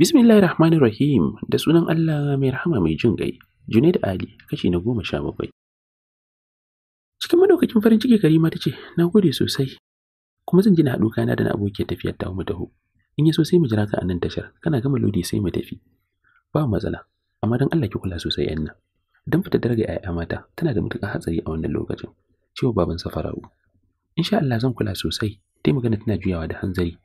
Bismillahirrahmanirrahim da sunan Allah mai rahama mai jin gai, Junaid Ali, kashi na goma sha bakwai. Cikin madaukakin farin ciki Karima ta ce, "Na gode sosai, kuma zan ji na haɗu kana da na abokiyar tafiyar ta mu taho. In ya sosai sai mu jira ka a nan tashar, kana gama lodi sai mu tafi." Ba matsala, amma don Allah ki kula sosai yan nan. Don fita daraja 'ya'ya mata tana da matuƙar hatsari a wannan lokacin, cewa baban Safara'u. Insha Allah zan kula sosai, dai magana tana juyawa da hanzari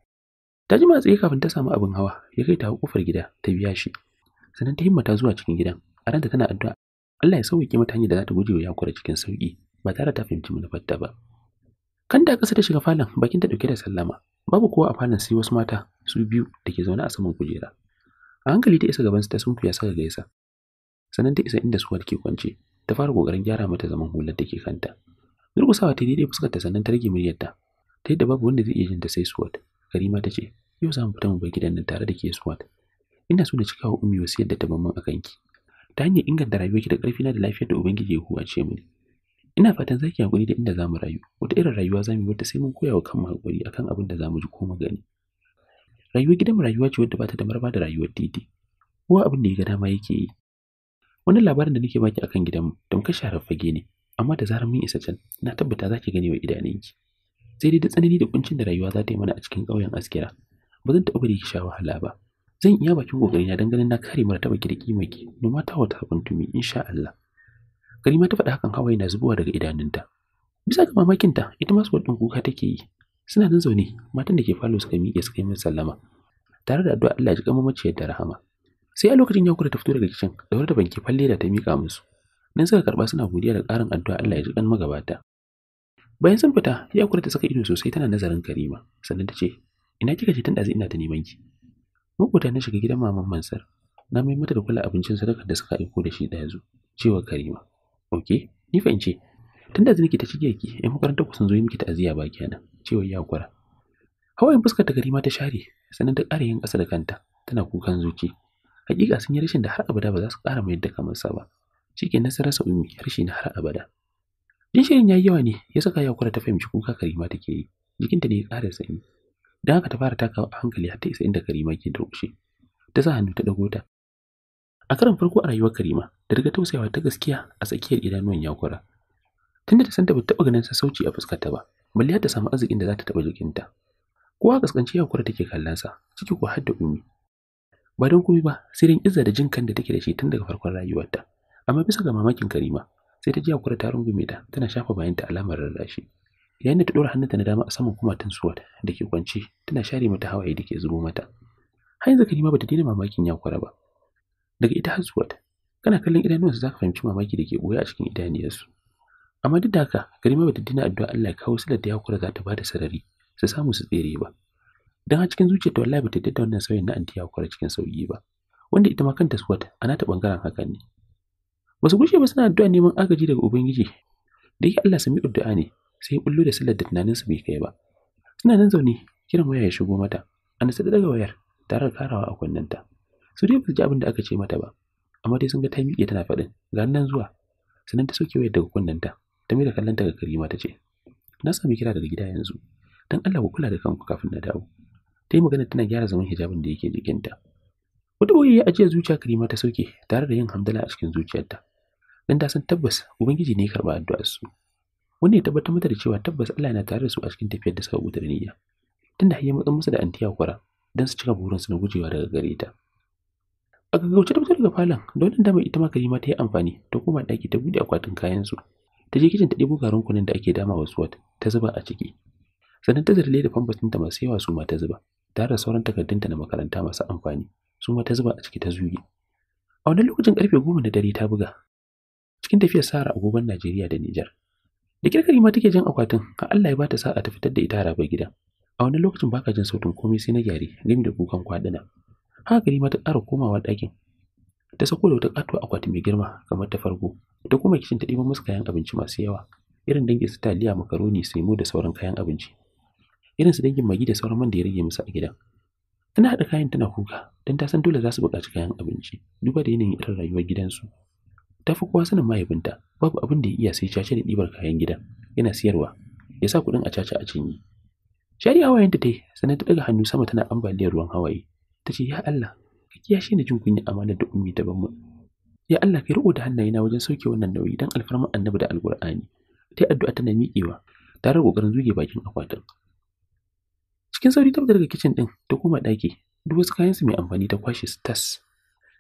ta ji tsaye kafin ta samu abin hawa ya kai ta kofar gida ta biya shi sannan ta himmata zuwa cikin gidan a ranta tana addu'a Allah ya sauke mata hanyar da za ta guje wa yakura cikin sauki ba tare ta fahimci ta ba kan da kasa ta shiga falon bakin ta dauke da sallama babu kowa a falon sai wasu mata su biyu da ke zaune a saman kujera a hankali ta isa gaban su ta ya saka gaisa sannan ta isa inda suwar ke kwance ta fara kokarin gyara mata zaman hular da ke kanta durgusawa ta daidai fuskar ta sannan ta rage muryarta ta yadda babu wanda zai iya jin ta sai suwar Karima ta ce, Yau za mu fita mu bar gidan nan tare da ke Swat. Ina so na cika wa Ummi wasu yadda ta ban a kanki. Ta hanyar inganta rayuwarki da ƙarfina da lafiyar da Ubangiji ya ce mini. Ina fatan za ki haƙuri da inda za mu rayu. Wata irin rayuwa za mu yi wadda sai mun koya wa kanmu haƙuri akan abin da za mu ji ko mu gani. Rayuwar gidanmu rayuwa ce wadda ba ta da maraba da rayuwar titi. Kowa abin da ya ga dama yake yi. Wannan labarin da nake baki akan gidanmu tamkar sharar fage ne, amma da zarar mun isa can, na tabbata za ki gane wa idanunki. sai dai da tsanani da kuncin da rayuwa za ta yi mana a cikin ƙauyen askira ba zan taɓa bari sha wahala ba zan iya bakin kokari na dangane na kare mara ki da kimarki no mata wata tumi insha Allah Karima ta faɗa hakan hawaye na zubowa daga idanunta bisa ga mamakinta ita ma suwar kuka kuka take yi suna nan zaune matan da ke falo suka miƙe suka yi min sallama tare da addu'a Allah ya ji maciyar da rahama sai a lokacin ya kura ta fito daga kicin daure da banki falle da ta miƙa musu nan suka karɓa suna godiya da ƙarin addu'a Allah ya ji magabata bayan sun fita ya kura ta saka ido sosai tana nazarin karima sannan ta ce ina kika ce tun ɗazu ina ta neman ki maƙota na shiga gidan maman mansar na mai mata da kula abincin sadakar da suka aiko da shi zo, cewa karima ok ni fa in ce tun ɗazu ki ta shige ki ƴan makarantar ku sun zo yi miki ta'aziya ba kenan cewa ya kura hawayen fuskar ta karima ta share sannan ta ƙara yin ƙasa da kanta tana kukan zuci hakika sun yi rashin da har abada ba za su ƙara mayar da kamar sa ba Cikin nasarar sa umi harshe na har abada Din shirin ya yi yawa ne ya saka ya kura ta fahimci kuka karima take yi jikinta ne ya ƙara sanyi don haka ta fara taka a hankali har ta isa inda karima ke durƙushe ta sa hannu ta ɗago ta a karan farko a rayuwar karima da daga tausayawa ta gaskiya a tsakiyar idanuwan yakura tunda ta san ta bata taɓa ganin sauci a fuskarta ba balle ta samu arzikin da za ta taɓa jikinta kowa kaskanci yakura take sa, ciki ko har da umi ba don komai ba sai dan izza da jin kan da take da shi tun daga farkon rayuwarta amma bisa ga mamakin karima sai ta ji hakura ta rungume ta tana shafa bayanta alamar rarrashi yayin da ta ɗora hannunta na dama a saman kumatun suwat da ke kwance tana share mata hawaye da ke zubo mata har yanzu kalima bata daina mamakin ya yakura ba daga ita har suwat kana kallon za zaka fahimci mamaki da ke ɓoye a cikin idaniyarsu amma duk da haka kalima bata daina addu'a Allah ya kawo silar da yakura za ta bada sarari su samu su tsere ba dan a cikin zuciyarta wallahi bata daina wannan sauyin na anti yakura cikin sauki ba wanda ita ma kanta suwat ana ta bangaren hakan ne ba su gushe ba suna addu'a neman agaji daga ubangiji da yake Allah sami addu'a ne sai ya bullo da sallar da tunaninsu bai kai ba suna nan zaune kiran waya ya shigo mata ana sada daga wayar tare da karawa a kunnenta su dai ba su ji abin da aka ce mata ba amma dai sun ga ta miƙe tana faɗin ga nan zuwa sannan ta soke wayar daga kunnenta ta mai da kallonta ga karima ta ce na sami kira daga gida yanzu don Allah ku kula da kanku kafin na dawo ta yi magana tana gyara zaman hijabin da yake jikinta wata boye ya ajiye zuciya karima ta sauke tare da yin hamdala a cikin zuciyarta dan da san tabbas ubangiji ne ya karba addu'ar su wanda ya tabbatar mata da cewa tabbas Allah yana tare da su a cikin tafiyar da suka gudanar niyya tunda har ya matsa musu da antiya kwara dan su cika burin su na gujewa daga gare ta a gaggauce ta fito daga falon don nan dama ita ma Karima ta yi amfani ta koma daki ta bude akwatin kayan su ta je kicin ta ɗebo garin kunun da ake dama wa SWAT ta zuba a ciki sannan ta zarle da famfas ta masu yawa su ma ta zuba tare da sauran takardunta na makaranta masu amfani su ma ta zuba a ciki ta zuge a wannan lokacin karfe goma na dare ta buga cikin tafiyar Sara agogon Najeriya da Nijar. Da kirkari ma take jin akwatin, ka Allah ya ba ta sa'a ta fitar da ita harabar gidan. A wani lokacin baka jin sautin komai sai na gyare, gami da kukan kwaɗina. Haka gari ma ta ƙara komawa ɗakin. Ta sako da wata ƙatuwa akwati mai girma kamar ta farko, ta kuma kicin ta ɗiba masu kayan abinci masu yawa, irin dangin su taliya, makaroni, semo da sauran kayan abinci. Irin su dangin magi da sauran man da ya rage musu a gidan. Tana haɗa kayan tana kuka, don ta san dole za su buƙaci kayan abinci, duba da yanayin irin rayuwar gidansu. ta fi kowa sanin mahaifinta babu abin da ya iya sai caca da ɗibar kayan gida yana siyarwa ya sa kuɗin a caca a cinye shari hawayenta ta yi sannan ta ɗaga hannu sama tana ambaliyar ruwan hawaye ta ce ya Allah ka shi na jin kunya amana da ummi ta ban ya Allah ka riƙo da hannayena wajen sauke wannan nauyi dan alfarman annabi da Alkur'ani. ta yi addu'a tana miƙewa tare ƙoƙarin zuge bakin akwatin cikin sauri ta fita daga kicin ɗin ta koma ɗaki duk wasu kayansu mai amfani ta kwashe su tas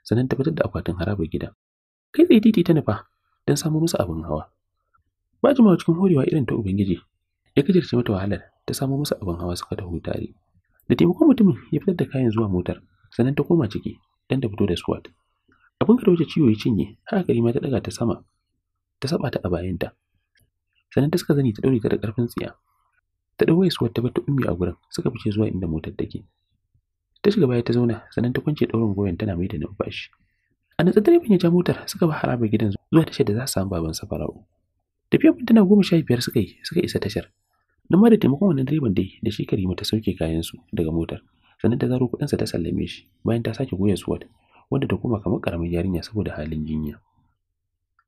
sannan ta fitar da akwatin harabar gida kai tsaye titi ta nufa don samo musu abin hawa ba jimawa cikin horewa irin ta ubangiji ya kajirce mata wahalar ta samo musu abin hawa suka taho tare da taimakon mutumin ya fitar da kayan zuwa motar sannan ta koma ciki don da fito da squad abin ka da wuce ciwo ya cinye haka karima ta daga ta sama ta saba ta a bayanta sannan ta suka zani ta daure ta da karfin tsiya ta dawo suwar ta bata ummi a gurin suka fice zuwa inda motar take ta shiga baya ta zauna sannan ta kwance daurin goyon tana mai da numfashi a nan direban ya ja motar suka ba haraba gidan zuwa tashar da za su samu baban safara'u tafiya mintuna goma sha biyar suka yi suka isa tashar na ma da taimakon wani direban dai da shi karima ta sauke kayansu daga motar sannan da zaro kuɗinsa ta sallame shi bayan ta sake goya suwat wanda ta koma kamar karamin yarinya saboda halin jinya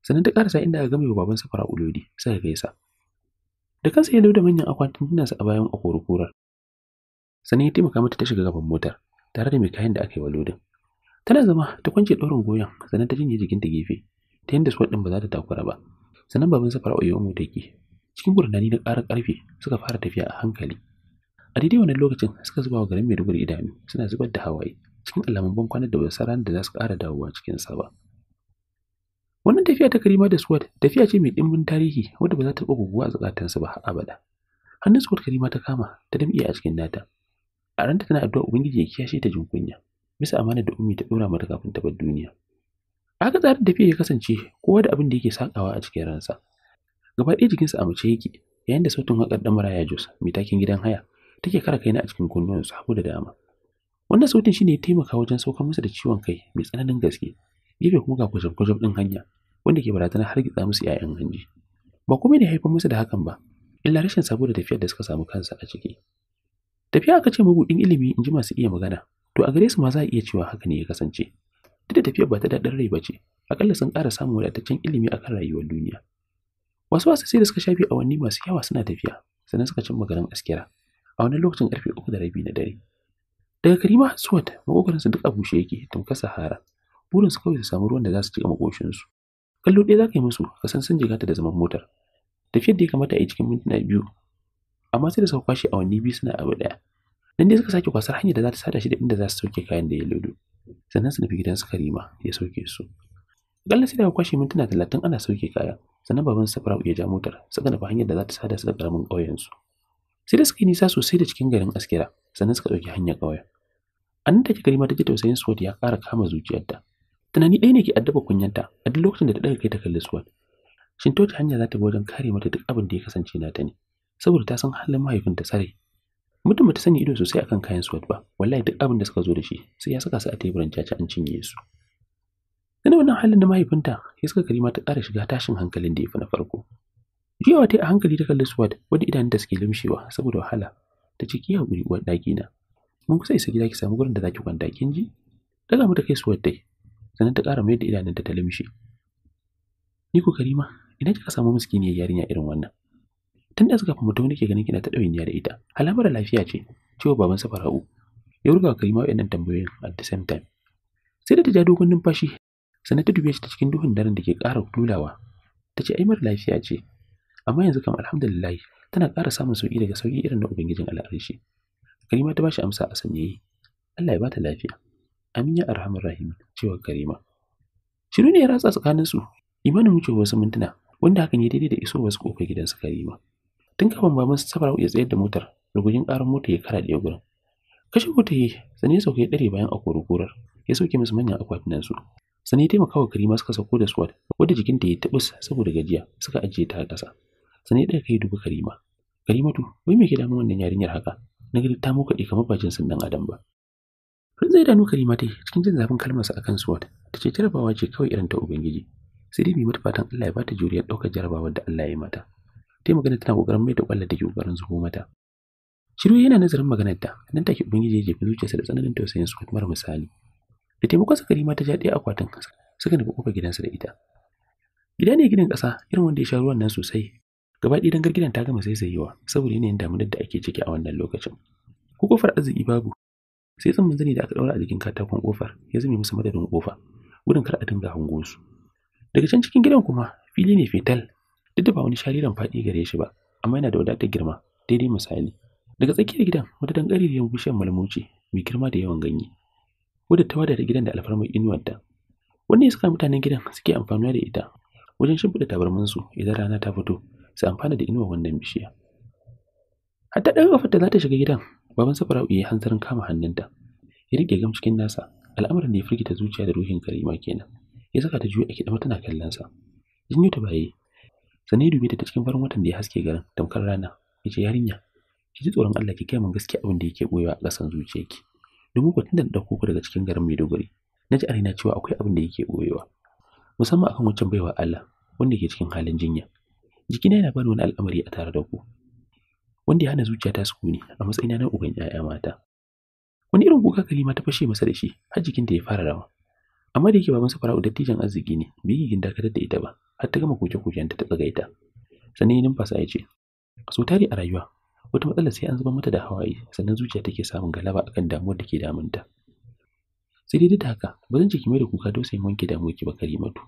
sannan ta karasa inda aka game wa baban safara ulodi suka gaisa da kansa ya da manyan akwatin tunansa a bayan akorukurar sannan ya taimaka mata ta shiga gaban motar tare da mai kayan da aka yi wa lodin tana zama ta kwance ɗorin goyon sannan ta jinye jikinta gefe ta yadda swat ɗin ba za ta takura ba sannan baban safar oyo mu take cikin gurnani na ƙarar ƙarfe suka fara tafiya a hankali a daidai wannan lokacin suka zuba wa garin maiduguri idanu suna zubar da hawaye cikin alamun ban kwanar da wasu ranar da za su ƙara dawowa cikin sa ba wannan tafiya ta karima da swat tafiya ce mai ɗimbin tarihi wadda ba za ta taɓa guguwa a zukatansu ba a abada hannun swat karima ta kama ta damƙe a cikin nata a ranta tana addu'a ubangiji ya kiyashe ta jin kunya bisa amana da ummi ta dora mata kafin ta bar duniya haka tsarin tafiya ya kasance kowa da abin da yake sakawa a cikin ransa gaba ɗaya jikinsa a mace yake yayin da sautin waƙar ɗan maraya jos mai takin gidan haya take kara na a cikin kunnuwan hagu da dama wannan sautin shine ya taimaka wajen saukar masa da ciwon kai mai tsananin gaske gefe kuma ga kwajab-kwajab ɗin hanya wanda ke barazana har gitsa musu 'ya'yan hanji ba kuma ne haifar musu da hakan ba illa rashin saboda tafiyar da suka samu kansa a ciki tafiya aka ce mabuɗin ilimi in masu iya magana to a gare su ma za a iya cewa haka ne ya kasance duk da tafiyar ba ta daɗin rai ba ce akalla sun ƙara samun wadataccen ilimi a kan rayuwar duniya wasu wasu sai da suka shafe awanni masu yawa suna tafiya sannan suka cimma garin askira a wani lokacin ƙarfe uku da rabi na dare daga karima suwat makogarinsu duk a bushe yake tamkar sahara burinsu kawai su samu ruwan da za su cika maƙoshinsu kallo ɗaya za ka yi musu ka san sun jigata da zaman motar tafiyar da ya kamata a yi cikin mintuna biyu amma sai da suka kwashe awanni biyu suna abu ɗaya nan dai suka sake kwasar hanyar da za ta sada shi da inda za su sauke kayan da ya lodo sannan su nufi su karima ya sauke su akalla sai daga kwashe mintuna talatin ana sauke kaya sannan baban safarau ya ja motar suka nufi hanyar da za ta sada su da karamin ƙauyensu sai da suka yi nisa sosai da cikin garin askira sannan suka ɗauki hanyar ƙauyen a nan take karima ta ji tausayin suwad ya ƙara kama zuciyarta tunani ɗaya ne ke addaba kunyanta a duk lokacin da ta ɗaga kai ta kalli suwad shin ta wace hanya za ta bi wajen kare mata duk abin da ya kasance nata ne saboda ta san halin mahaifinta sarai mutum bata sani ido sosai akan kayan swat ba wallahi duk abin da suka zo da shi sai ya saka su a teburin caca an cinye su tana wannan halin da mahaifinta ya suka karima ta ƙara shiga tashin hankalin da ya fi na farko jiyawa ta a hankali ta kalli SWAT wadda idanunta suke limshewa saboda wahala ta ce ki haƙuri uwar ɗaki na mun kusa isa gida ki samu gurin da zaki kwanta kin ji daga mata kai SWAT dai sannan ta ƙara mayar da da ta limshe ni ko karima ina kika samu miskiniyar yarinya irin wannan tun da suka mutum ke ganin kina ta ya da ita alamar lafiya ce cewa baban sa fara'u ya ruga ma wa'annan tambayoyin at the same time sai da ta ja dogon numfashi sannan ta dube shi ta cikin duhun daren da ke ƙara lulawa ta ce ai mara lafiya ce amma yanzu kam alhamdulillah tana ƙara samun sauƙi daga sauƙi irin na ubangijin al'arshi karima ta bashi amsa a yi. Allah ya bata lafiya amin ya arhamar rahim cewa karima shiru ne ya ratsa tsakanin su imanin wucewa wasu mintuna wanda hakan ya daidai da isowa su kofar gidansu karima tun kafin baban sabara ya tsayar da motar rugujin ƙarar mota ya kara ɗaya gurin kashe mota yi sani ya sauke ya ɗare bayan akwai korar ya sauke musu manyan akwatunan su sani ya taimaka wa karima suka sauko da swat wadda jikinta ya tabbas saboda gajiya suka ajiye ta a ƙasa sani ya ɗaga kai dubu karima karimatu wai me ke damun wannan yarinyar haka na gari ta mukaɗe kamar ba jinsin ɗan adam ba Rin zai Karima ta dai cikin jin zafin kalmarsa akan Swat, ta ce jarabawa ce kawai irin ta Ubangiji, sai dai mai mata fatan Allah ya bata juriyar ɗaukar jarabawar da Allah ya mata. ta magana tana kokarin mai da kwallon da ke kokarin zubo mata shiru yana nazarin maganar ta nan take ubangiji ya jefi zuciyarsa da tsananin tausayin su mara misali da taimakon sakari ma ta ja ɗaya akwatin kasa, suka nufi kofar gidansa da ita gida ne gidan ƙasa irin wanda ya sha ruwan nan sosai gaba ɗaya dangar gidan ta gama zaizayewa saboda yanayin damunar da ake ciki a wannan lokacin ko kofar arziki babu sai tsin manzani da aka daura a jikin katakon kofar ya zame musu madadin kofa gudun kar a dinga hango su daga can cikin gidan kuma fili ne fetal duk da ba wani shariran faɗi gare shi ba amma yana da wadatar girma daidai misali daga tsakiyar gidan wata dankariyar bishiyar malamuci mai girma da yawan ganye wadda ta da gidan da alfarmar inuwarta wanda ya saka mutanen gidan suke amfani da ita wajen shimfiɗa su idan rana ta fito su amfana da inuwar wannan bishiya hatta ɗan kafar da za ta shiga gidan baban safara ya hanzarin kama hannunta ya riƙe gam cikin nasa al'amarin da ya firgita zuciya da ruhin karima kenan ya saka ta juya a kiɗa tana kallon sa jinyo ta baye Sani ya da ta cikin farin watan da ya haske garin tamkar rana ya yarinya ki ji tsoron Allah ki kai min gaskiya abin da yake boyewa a ƙasan zuciyarki domin ku tunda dauko ku daga cikin garin Maiduguri na ji arina cewa akwai abin da yake boyewa musamman akan wancan baiwa Allah wanda ke cikin halin jinya jikina yana bani wani al'amari a tare da ku wanda ya hana zuciyata ne a matsayina na uban 'ya'ya mata wani irin kuka kalima ta fashe masa da shi har jikinta ya fara rawa amma da yake babansa fara'u dattijan arziki ne bai yi gindar dakatar da ita ba har ta gama koke-kokenta ta tsagaita sannan ya numfasa ya ce so tare a rayuwa wata matsala sai an zama mata da hawaye sannan zuciya take samun galaba akan damuwar da ke damunta sai dai duk haka ba zan ciki mai da kuka dole sai wanke damuwar ki ba karimatu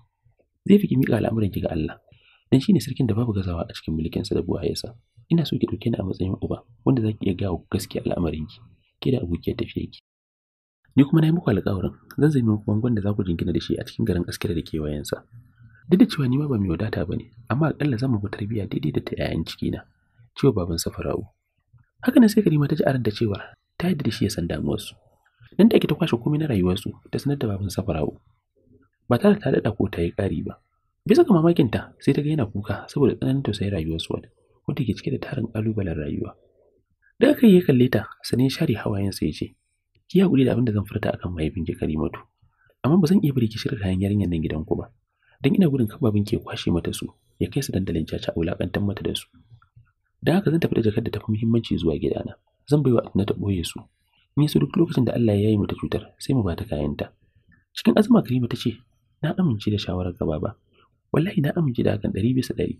zai fi ki miƙa al'amuran ki ga Allah dan shine sarkin da babu gazawa a cikin mulkin sa da sa, ina so ki dauke ni a matsayin uba wanda zaki iya gawo gaskiya al'amarin ki ke da abokiyar tafiyar ki ni kuma na yi muku alƙawarin zan zai muku bangon da za ku jingina da shi a cikin garin askira da kewayensa duk da cewa ni ma ba mai wadata ba ne amma aƙalla zan muku tarbiyya daidai da ta 'ya'yan cikina cewa baban safara'u haka ne sai karima ta ji aranta cewa ta yadda da shi ya san damuwarsu nan da ake ta kwashe komai na rayuwarsu ta sanar da baban safara'u ba tare ta daɗa ko ta yi ƙari ba bisa ga mamakinta sai ta ga yana kuka saboda tsananin tausayin rayuwarsu wadda wanda ke cike da tarin ƙalubalen rayuwa Daga kai ya kalle ta sanin share hawayensa ya ce ki hakuri da abin da zan furta akan mahaifinki Karimatu amma ba zan iya bari ki shirya kayan yarinyar nan gidanku ba dan ina gudun kababin ke kwashe mata su ya kai su dandalin caca a wulakantar mata da su dan haka zan tafi da jakar da tafi muhimmanci zuwa gidana zan baiwa na ta boye su ni su duk lokacin da Allah ya yi mata cutar sai mu ba ta kayanta cikin azuma Karima ta ce na amince da shawarar gaba ba wallahi na amince da hakan ɗari bisa ɗari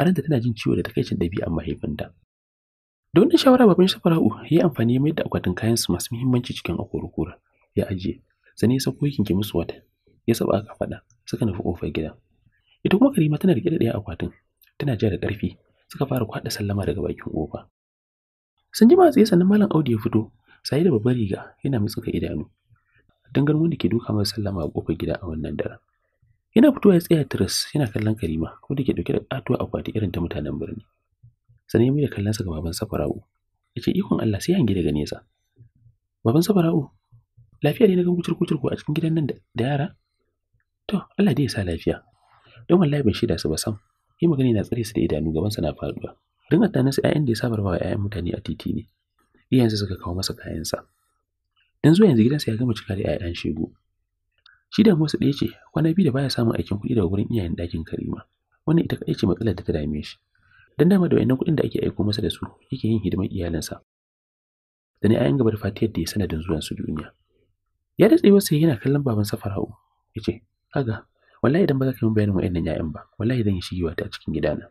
a ranta tana jin ciwo da takaicin ɗabi'an mahaifinta da wannan shawara baban shi ya yi amfani mai da akwatin kayansu masu muhimmanci cikin akorokora ya ajiye sani ya sauko yakin musu wata ya saba aka faɗa suka nufi kofar gida ita kuma karima tana rike da ɗaya akwatin tana ja da ƙarfi suka fara kwaɗa sallama daga bakin kofa sun jima tsaye sannan malam audu ya fito saye da babbar riga yana mutsuka idanu dangar wanda ke duka masa sallama a kofar gida a wannan daren yana fitowa ya tsaya tiras yana kallon karima ko ke ɗauke da katuwa akwati irin ta mutanen birni sannan ya mai da kallonsa ga baban safara'u ya ce ikon Allah sai hangi daga nesa baban safara'u lafiya ne na gan kucur a cikin gidan nan da yara to Allah dai ya sa lafiya don wallahi ban shida su ba sam yi magana na tsare su da idanu gabansa na faɗuwa. don attanin su ƴaƴan da ya sabar wa ƴaƴan mutane a titi ne iyayensa suka kawo masa kayansa dan zuwa yanzu gidansa ya gama cika da ƴaƴan shegu shi da musu ɗaya ce kwana biyu da baya samun aikin kuɗi daga wurin iyayen ɗakin karima wannan ita kaɗai ce matsalar da ta dame shi don dama da wayannan kuɗin da ake aiko masa da su yake yin hidimar iyalinsa da ni ayan gaba da fatiyar da ya sanadin zuwan su duniya ya da sai yana kallon baban safara'u ya ce kaga wallahi idan ba za ka yi bayanin wayannan ya'yan ba wallahi zan yi shigewa ta cikin gidana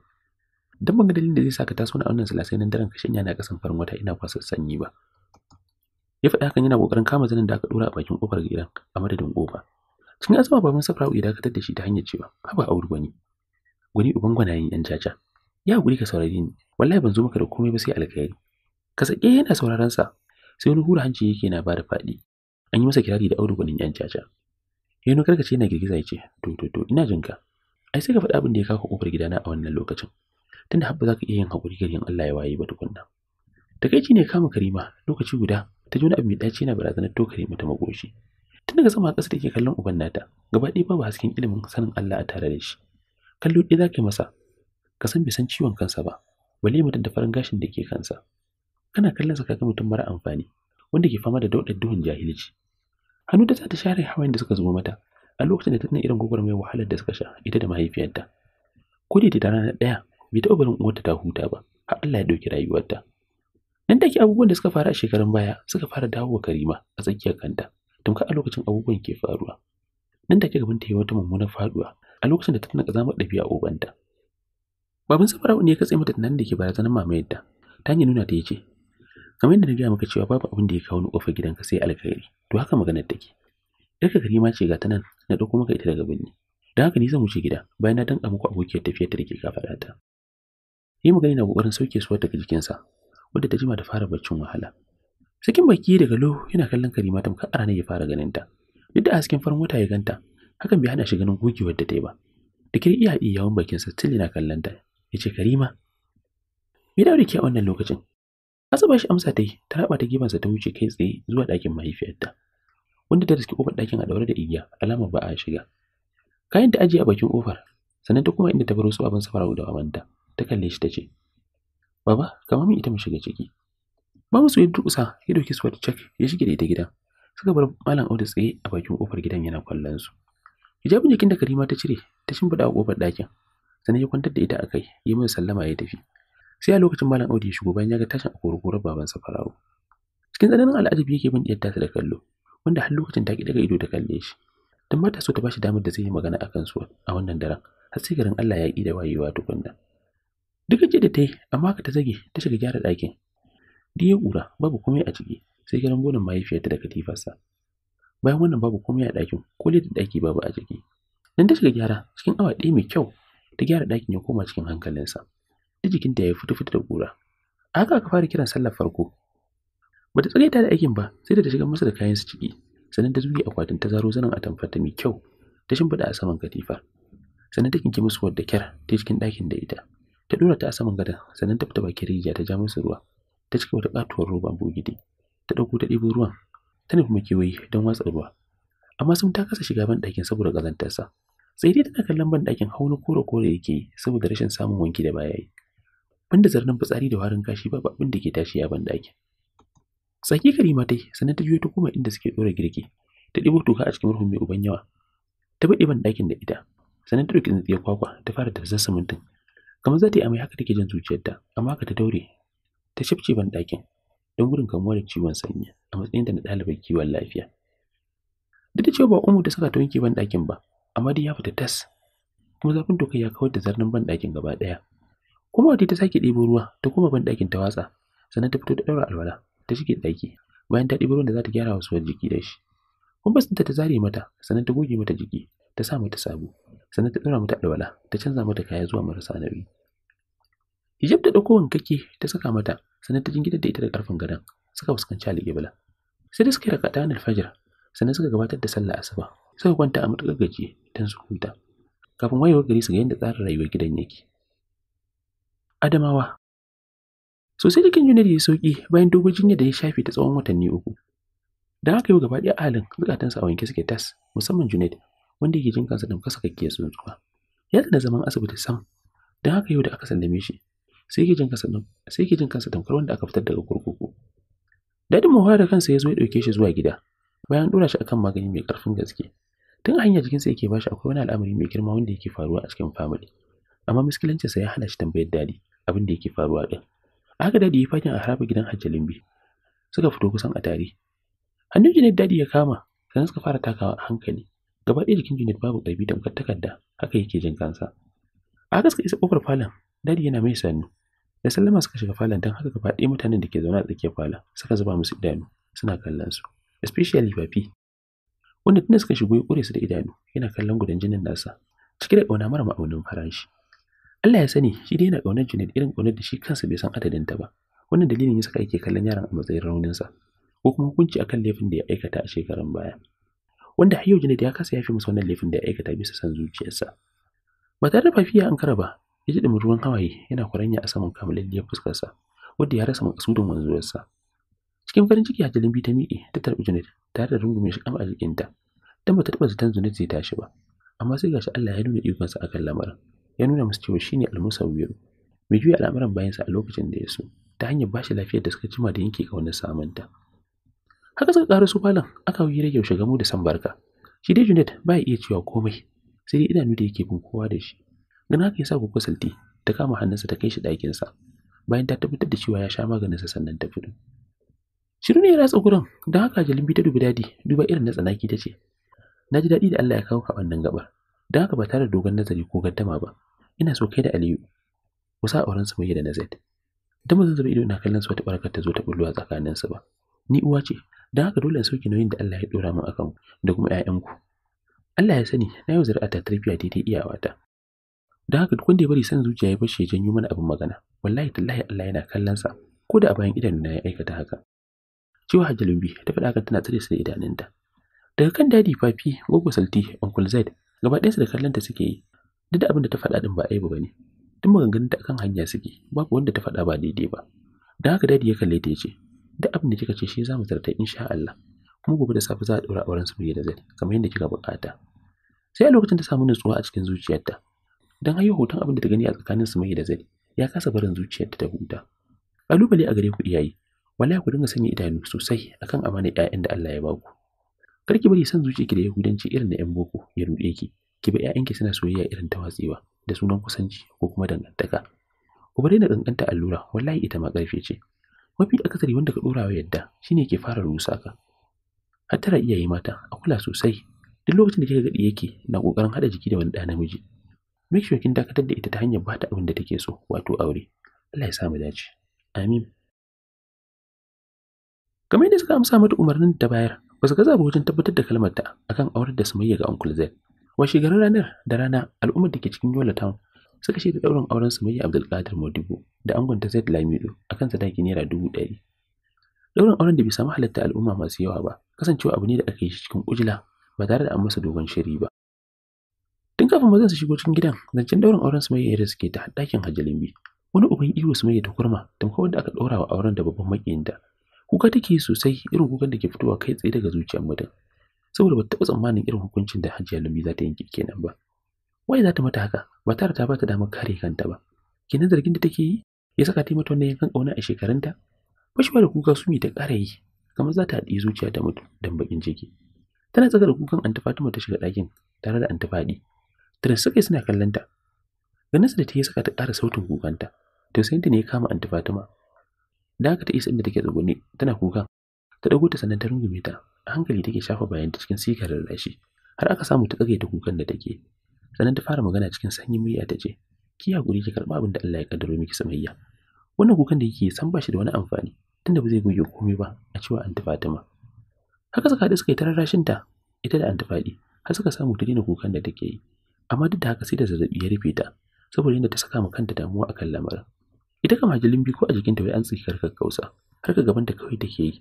dan ban ga dalilin da zai saka taso na wannan salasai nan daren kashin yana kasan farin wata ina kwasa sanyi ba ya faɗa hakan yana kokarin kama zanin da aka dora a bakin kofar gidan a madadin kofa cikin azaba baban safara'u ya dakatar da shi ta hanyar cewa haba auri gwani gwani uban gwanayen yan caca ya guri ka saurare ni wallahi ban zo maka da komai ba sai alkhairi ka sake yana sauraron sa sai wani hura hanci yake na bada faɗi an yi masa kirari da aure gwanin yan caca ya nuna karkace yana girgiza ya ce to to to ina jin ka ai sai ka faɗa abin da ya kawo kofar gidana a wannan lokacin tunda har ba za ka iya yin haƙuri garin Allah ya waye ba tukunna takaici ne kama karima lokaci guda ta ji wani abu mai ɗaci yana barazanar Karima ta magoshi tun daga sama ƙasa take kallon uban nata gaba ɗaya babu hasken ilimin sanin Allah a tare da shi kallo ɗaya zaka yi masa ka san bai san ciwon kansa ba balle mu da farin gashin da ke kansa kana kallon sa kaga mutum mara amfani wanda ke fama da daudar duhun jahilci hannu da ta share hawayen da suka zubo mata a lokacin da ta tana irin gwagwarmayar wahalar da suka sha ita da mahaifiyarta ko da ta rana daya bai taɓa barin uwarta ta huta ba har Allah ya ɗauki rayuwarta nan take abubuwan da suka faru a shekarun baya suka fara dawowa Karima a tsakiyar kanta tamkar a lokacin abubuwan ke faruwa nan take gaban ta yi wata mummunar faduwa a lokacin da ta tana kazamar ɗabi'a ubanta babin Safara'u ne ya katse mata nan da ke barazanar mamayarta. Ta hanyar nuna ta ya ce, Kamar yadda na gaya maka cewa babu abin da ya kawo ni ƙofar gidanka sai alkhairi, to haka maganar take. gari Karima ce ga ta nan na ɗauko maka ita daga birni. Don haka ni zan wuce gida bayan na danƙa muku abokiyar tafiyar ta da ke kafaɗa ta. Yi magana na ƙoƙarin sauke suwar daga jikinsa, wadda ta jima da fara baccin wahala. Sakin baki daga lo yana kallon Karima tamkar a ranar ya fara ganin ta. Duk da a hasken farin wata ya ganta, hakan bai hana shi ganin gogewar da ta yi ba. Da kiri iya iya yawan bakinsa kallon ta ya ce Karima. Me dawo da ke a wannan lokacin? asaba shi amsa ta yi, ta raba ta gefansa ta wuce kai tsaye zuwa ɗakin mahaifiyarta. Wanda ta riske kofar ɗakin a daure da igiya, alamar ba a shiga. Kayan ta ajiye a bakin kofar, sannan ta kuma inda ta baro su abin safara da babanta, ta kalle shi ta ce, Baba, kamar min ita mu shiga ciki. Mamu su ya durƙusa ya ɗauki su cak ya shige da ita gidan. Suka bar Malam Audu tsaye a bakin kofar gidan yana kallon su. Hijabin jikin da Karima ta cire ta shimfiɗa a kofar ɗakin sannan ya kwantar da ita a kai ya mai sallama ya tafi sai a lokacin malam Audu ya shigo bayan ya ga tashin akorokoro baban sa farawo cikin tsananin al'ajabi yake bin diyar da kallo wanda har lokacin ta ki daga ido ta kalle shi dan mata so ta bashi damar da zai yi magana akan su a wannan daren har sai garin Allah ya yi da wayewa tukunna duk da ta yi amma ka ta zage ta shiga gyara ɗakin duk ya ƙura babu komai a ciki sai garin gonan mahaifiyarta da katifarsa bayan wannan babu komai a ɗakin ko da ɗaki babu a ciki dan ta shiga gyara cikin awa ɗaya mai kyau ta gyara ɗakin ya koma cikin hankalinsa ta jikinta ya fito fito da ƙura haka aka fara kiran sallar farko bata tsare ta da aikin ba sai da ta shiga masa da kayan su ciki sannan ta zuge akwatin ta zaro zanin atamfarta mai kyau ta shimfiɗa a saman katifa sannan ta kinki musu wadda kyar ta cikin ɗakin da ita ta ɗora ta a saman gadon sannan ta fita bakin rijiya ta ja musu ruwa ta cika wata ƙatuwar roba bogidi ta ɗauko ta ɗibo ruwan ta nufi makewayi don watsa ruwa amma sun ta kasa shiga ban ɗakin saboda ƙazantarsa sai dai tana kallon ban ɗakin na kore kore yake yi saboda rashin samun wanki da baya banda zarnin fitsari da warin kashi babu abin da ke tashi a ban ɗakin tsaki karima tai sannan ta juyo ta koma inda suke ɗora girki ta ɗibo toka a cikin murhun mai uban yawa ta baɗi ban ɗakin da ita sannan ta ɗauki tsintsiyar kwakwa ta fara tafsar simintin kamar za ta yi amai haka take jin zuciyarta amma haka ta daure ta shifce ban ɗakin don gudun kamuwa da ciwon sanyi a matsayin da na ɗalibar kiwon lafiya duk da cewa ba umu ta saka ta wanke ban ɗakin ba amma dai ya fita tas kuma zafin dokar ya kawar da zarnin ban ɗakin gaba ɗaya kuma wata ta sake ɗebo ruwa ta koma ban ɗakin ta watsa sannan ta fito da ɗaura alwala ta shige ɗaki bayan ta ɗebo ruwan da za ta gyara wasu jiki da shi kuma basinta ta zare mata sannan ta goge mata jiki ta sa mata sabo sannan ta ɗaura mata alwala ta canza mata kaya zuwa marasa nauyi hijab ta ɗauko wankake ta saka mata sannan ta jingina da ita da ƙarfin gadon suka fuskanci alƙibla sai da suka yi rakaɗa na alfajar sannan suka gabatar da sallah asuba suka kwanta a matuƙar gajiye don su huta kafin wayewar gari su ga yadda tsarin rayuwar gidan yake adamawa sosai jikin junior ya sauki bayan dogo jinya da ya shafe ta tsawon watanni uku don haka yau gaba ɗaya ahalin bukatansa a wanke suke tas musamman junior wanda yake jin kansa kasa kake sakakkiyar zuwa. ya da zaman asibiti sam don haka yau da aka sallame shi sai yake jin kansa tamkar wanda aka fitar daga kurkuku dadin muhara da kansa ya zo ya ɗauke shi zuwa gida bayan ɗora shi akan magani mai ƙarfin gaske tun hanyar jikinsa yake bashi akwai wani al'amari mai girma wanda yake faruwa a cikin family amma sa ya hana shi tambayar dadi abin da yake faruwa din a haka dadi ya fakin a haraba gidan hajjalin bi suka fito kusan a tare hannun jinet dadi ya kama sannan suka fara takawa a hankali gaba ɗaya jikin jinet babu ƙarfi da mukar takarda haka yake jin kansa a haka suka isa ƙofar falon dadi yana mai sannu da sallama suka shiga falon don haka gaba ɗaya mutanen da ke zaune a tsakiyar falon suka zuba musu idanu suna kallon su especially papi wanda tunda suka shigo ya kure su da idanu yana kallon gudan jinin nasa cike da ƙauna mara ma'aunin farashi Allah ya sani shi dai yana ƙaunar Junaid irin ƙaunar da shi kansa bai san adadin ta ba wannan dalilin ya saka yake kallon yaran a matsayin rauninsa ko kuma hukunci akan laifin da ya aikata a shekaran baya wanda har yau Junaid ya kasa yafi masa wannan laifin da ya aikata bisa san zuciyarsa ba tare da fafiya an ba, ya ji ruwan hawaye yana kwaranya a saman kamalin ya fuskarsa wanda ya rasa makasudin wanzuwarsa cikin farin ciki Hajalin bi ta miƙe ta tarbi Junaid tare da rungume shi kam a jikinta dan bata taba zaton zunubi zai tashi ba amma sai gashi Allah ya nuna ikonsa akan lamarin ya nuna musu cewa shine almusawwir mai juya al'amuran sa a lokacin da ya so ta hanyar bashi lafiyar da suka cima da yanke kaunar samunta haka suka ƙara su falon aka yi rage yaushe mu da san barka shi dai Junet ba ya iya cewa komai sai dai idanu da yake bin kowa da shi gana haka yasa kuka salti ta kama hannunsa ta kai shi ɗakinsa bayan ta tabbatar da cewa ya sha maganinsa sannan ta fito Shiru ne ya ratsa gurin, don haka jalimbi ta dubi dadi, duba irin na tsanaki ta ce, Na ji daɗi da Allah ya kawo ka wannan gabar, don haka ba tare da dogon nazari ko gaddama ba, ina so kai da Aliyu, ku sa auren su da na Zaid. Dan ba ido na kallon su wata barkar ta zo ta bullo a tsakanin su ba. Ni uwa ce, don haka dole in sauke nauyin da Allah ya dora min akan ku da kuma 'ya'yanku. Allah ya sani, na yau zuri'a ta tarbiyya daidai iyawata. Don haka duk wanda ya bari san zuciya ya bashi ya janyo mana abin magana, wallahi tallahi Allah yana kallon sa, ko da a bayan idan na ya aikata haka. a hajjalubi ta faɗa hakan tana tsare su da idanunta daga kan dadi fafi gogo salti uncle zaid gaba ɗaya su da kallonta suke yi duk da abin da ta faɗa din ba aibu ba ne duk ta akan hanya suke babu wanda ta faɗa ba daidai ba don haka dadi ya kalle ta yace ce duk abin da kika ce shi za mu tarta insha Allah kuma gobe da safe za a ɗora auren su da zai kamar yadda kika buƙata sai a lokacin ta samu nutsuwa a cikin zuciyarta don hayo hoton abin da ta gani a tsakanin su da zai ya kasa barin zuciyarta ta huta kalubale a gare ku iyaye wallahi ku dinga sanya idanu sosai akan amana ƴaƴan da Allah ya ba ku kar ki bari san zuciyarki da yahudanci irin na ƴan boko ya ruɗe ki ki bi ƴaƴanki suna soyayya irin ta watsewa da sunan kusanci ko kuma dangantaka ku bari na kankanta allura wallahi ita ma ƙarfe ce mafi akasari wanda ka ɗora wa yadda shine ke fara rusa ka hattara iyaye mata a kula sosai duk lokacin da kika gadi yake na kokarin hada jiki da wani ɗa namiji make sure kin dakatar da ita ta hanyar ta abin da take so wato aure Allah ya sa mu dace amin kamar yadda suka amsa mata umarnin ta bayar ba su gaza ba wajen tabbatar da kalmar ta akan aurar da sumayya ga uncle zaid wa garin ranar da rana al'ummar da ke cikin yola town suka da daurin auren sumayya abdulkadir modibo da angon ta zaid lamido akan sadaki naira dubu ɗari daurin auren da bai samu halatta al'umma masu yawa ba kasancewa abu ne da aka yi cikin ujila ba tare da an masa dogon shiri ba tun kafin mazan su shigo cikin gidan zancen daurin auren sumayya da suke ta ɗakin hajjalin bi wani uban iwo sumayya ta kurma tamkar da aka ɗora wa auren da babban makiyinta kuka take sosai irin kukan da ke fitowa kai tsaye daga zuciyar mutum saboda ba ta taɓa tsammanin irin hukuncin da hajiya lumi za ta yanke kenan ba wai za ta mata haka ba tare ta ba ta damar kare kanta ba kenan zargin da take yi ya saka ta mata wannan yankan ƙauna a shekarunta fashewa da kuka sumi ta ƙara yi kamar za ta haɗi zuciya ta mutu dan bakin jiki. tana tsaka da kukan anta fatima ta shiga ɗakin tare da anta faɗi tare suka suna kallon ta ganin da ta yi saka ta ƙara sautin kukanta da ne ya kama anta fatima Daga ta isa inda take tsugune tana kuka ta dago ta sannan ta rungume ta a hankali take shafa bayan ta cikin sikar rarrashi har aka samu ta ta kukan da take sannan ta fara magana cikin sanyi murya ta ce ki hakuri ki karba abin da Allah ya kaddaro miki samayya wannan kukan da yake san ba shi da wani amfani tunda ba zai goge komai ba a cewa anti Fatima haka suka haɗu suka yi tararrashin ta ita da anti Fadi har suka samu ta daina kukan da take yi amma duk da haka sai da zazzabi ya rufe ta saboda yadda ta saka ma kanta damuwa akan lamarin ita kama jilin ko a jikinta wai an tsikar kakkausa har ka gaban gabanta kawai take yi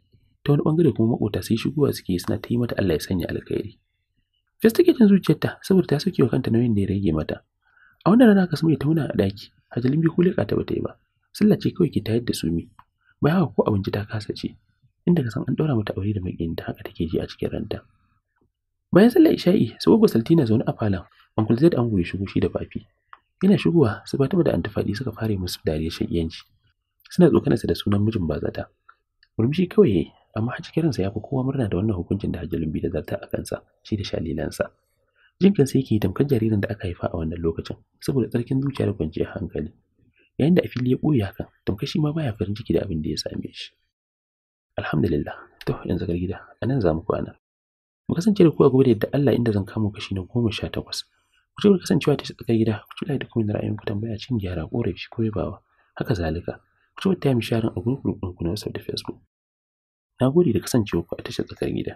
ta wani bangare kuma makota sai shigowa suke suna ta yi mata Allah ya sanya alkhairi fes take jin zuciyarta saboda ta sauke wa kanta nauyin da ya rage mata a wannan rana kasum ya tauna a daki hajalin biyu kulika ta bata yi ba sallah ce kawai ke tayar da su mi bai haka ko abinci ta kasa ce inda san an daura mata aure da makiyin ta haka take ji a cikin ranta bayan sallah isha'i sai gwagwa saltina zaune a falon uncle an goyi shigo shi da fafi Yana shigowa su Fatima da Antifadi suka fara musu dariyar shakiyanci. Suna tsokanarsa da sunan mijin bazata. Murmushi kawai yayi amma har cikin ya fi kowa murna da wannan hukuncin da hajji lumbi da zarta a kansa shi da shalilansa. Jin kansa yake tamkar jaririn da aka haifa a wannan lokacin saboda tsarkin zuciya da kwanciyar hankali. Yayin da a fili ya ɓoye haka tamkar shi ma baya farin ciki da abin da ya same shi. Alhamdulillah, to yanzu gida, a nan za mu kwana. Mu kasance da ku a gobe da yadda Allah inda zan kamo kashi na goma sha takwas. ku ci kasancewa ta tsakar gida ku ci da kuma ra'ayinku tambaya cin gyara korafi ko yabawa haka zalika ku ci wata time sharing a gurgurun ku na WhatsApp da Facebook na gode da kasancewa ku a tashar tsakar gida